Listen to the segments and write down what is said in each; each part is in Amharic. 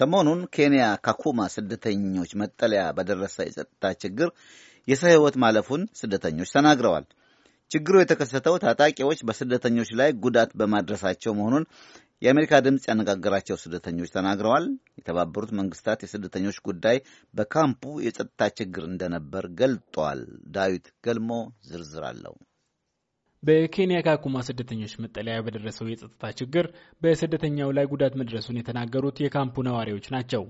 ሰሞኑን ኬንያ ካኩማ ስደተኞች መጠለያ በደረሰ የጸጥታ ችግር የሰው ሕይወት ማለፉን ስደተኞች ተናግረዋል። ችግሩ የተከሰተው ታጣቂዎች በስደተኞች ላይ ጉዳት በማድረሳቸው መሆኑን የአሜሪካ ድምፅ ያነጋገራቸው ስደተኞች ተናግረዋል። የተባበሩት መንግስታት የስደተኞች ጉዳይ በካምፑ የጸጥታ ችግር እንደነበር ገልጧል። ዳዊት ገልሞ ዝርዝር አለው። በኬንያ ካኩማ ስደተኞች መጠለያ በደረሰው የጸጥታ ችግር በስደተኛው ላይ ጉዳት መድረሱን የተናገሩት የካምፑ ነዋሪዎች ናቸው።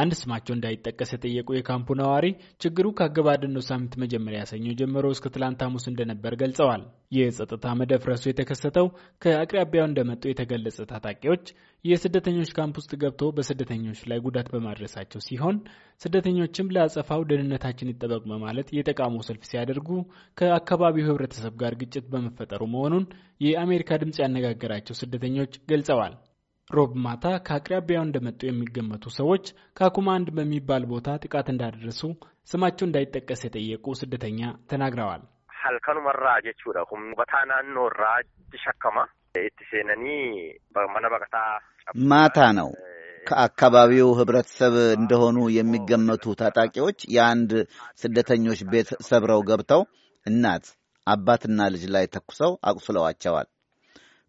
አንድ ስማቸው እንዳይጠቀስ የጠየቁ የካምፑ ነዋሪ ችግሩ ከአገባደነው ሳምንት መጀመሪያ ሰኞ ጀምሮ እስከ ትላንት ሐሙስ እንደነበር ገልጸዋል። የጸጥታ መደፍረሱ የተከሰተው ከአቅራቢያው እንደመጡ የተገለጸ ታጣቂዎች የስደተኞች ካምፕ ውስጥ ገብቶ በስደተኞች ላይ ጉዳት በማድረሳቸው ሲሆን ስደተኞችም ለአጸፋው ደህንነታችን ይጠበቅ በማለት የተቃውሞ ሰልፍ ሲያደርጉ ከአካባቢው ህብረተሰብ ጋር ግጭት በመፈጠሩ መሆኑን የአሜሪካ ድምፅ ያነጋገራቸው ስደተኞች ገልጸዋል። ሮብ ማታ ከአቅራቢያው እንደመጡ የሚገመቱ ሰዎች ካኩማ አንድ በሚባል ቦታ ጥቃት እንዳደረሱ ስማቸው እንዳይጠቀስ የጠየቁ ስደተኛ ተናግረዋል። ሀልከኑመራ ጀቹ በታናኖራ ሸከማ ኢትሴነኒ መነበቅታ ማታ ነው። ከአካባቢው ህብረተሰብ እንደሆኑ የሚገመቱ ታጣቂዎች የአንድ ስደተኞች ቤት ሰብረው ገብተው እናት አባትና ልጅ ላይ ተኩሰው አቁስለዋቸዋል።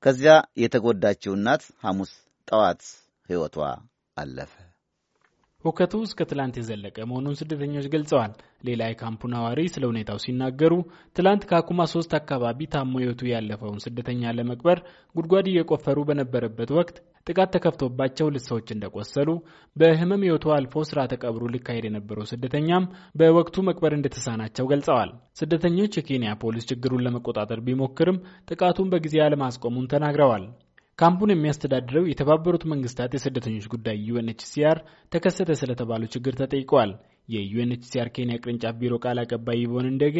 ከዚያ የተጎዳችው እናት ሐሙስ ጠዋት ሕይወቷ አለፈ። ሁከቱ እስከ ትላንት የዘለቀ መሆኑን ስደተኞች ገልጸዋል። ሌላ የካምፑ ነዋሪ ስለ ሁኔታው ሲናገሩ ትላንት ከአኩማ ሶስት አካባቢ ታሞ ሕይወቱ ያለፈውን ስደተኛ ለመቅበር ጉድጓድ እየቆፈሩ በነበረበት ወቅት ጥቃት ተከፍቶባቸው ሁለት ሰዎች እንደቆሰሉ፣ በህመም ሕይወቱ አልፎ ስራ ተቀብሩ ሊካሄድ የነበረው ስደተኛም በወቅቱ መቅበር እንደተሳናቸው ገልጸዋል። ስደተኞች የኬንያ ፖሊስ ችግሩን ለመቆጣጠር ቢሞክርም ጥቃቱን በጊዜ አለማስቆሙን ተናግረዋል። ካምፑን የሚያስተዳድረው የተባበሩት መንግስታት የስደተኞች ጉዳይ ዩኤንኤችሲአር ተከሰተ ስለተባለው ችግር ተጠይቀዋል። የዩኤንኤችሲአር ኬንያ ቅርንጫፍ ቢሮ ቃል አቀባይ ይቦን እንደጌ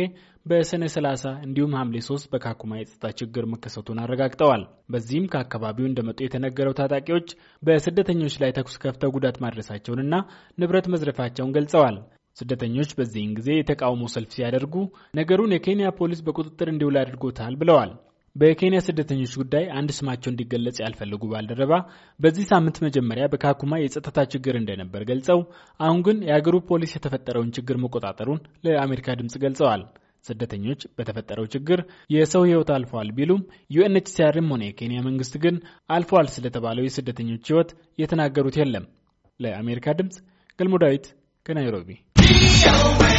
በሰኔ 30 እንዲሁም ሐምሌ 3 በካኩማ የጸጥታ ችግር መከሰቱን አረጋግጠዋል። በዚህም ከአካባቢው እንደመጡ የተነገረው ታጣቂዎች በስደተኞች ላይ ተኩስ ከፍተው ጉዳት ማድረሳቸውንና ንብረት መዝረፋቸውን ገልጸዋል። ስደተኞች በዚህን ጊዜ የተቃውሞ ሰልፍ ሲያደርጉ ነገሩን የኬንያ ፖሊስ በቁጥጥር እንዲውል አድርጎታል ብለዋል። በኬንያ ስደተኞች ጉዳይ አንድ ስማቸው እንዲገለጽ ያልፈልጉ ባልደረባ በዚህ ሳምንት መጀመሪያ በካኩማ የጸጥታ ችግር እንደነበር ገልጸው አሁን ግን የአገሩ ፖሊስ የተፈጠረውን ችግር መቆጣጠሩን ለአሜሪካ ድምፅ ገልጸዋል። ስደተኞች በተፈጠረው ችግር የሰው ሕይወት አልፈዋል ቢሉም ዩኤንኤችሲአርም ሆነ የኬንያ መንግስት ግን አልፈዋል ስለተባለው የስደተኞች ሕይወት የተናገሩት የለም። ለአሜሪካ ድምፅ ገልሞ ዳዊት ከናይሮቢ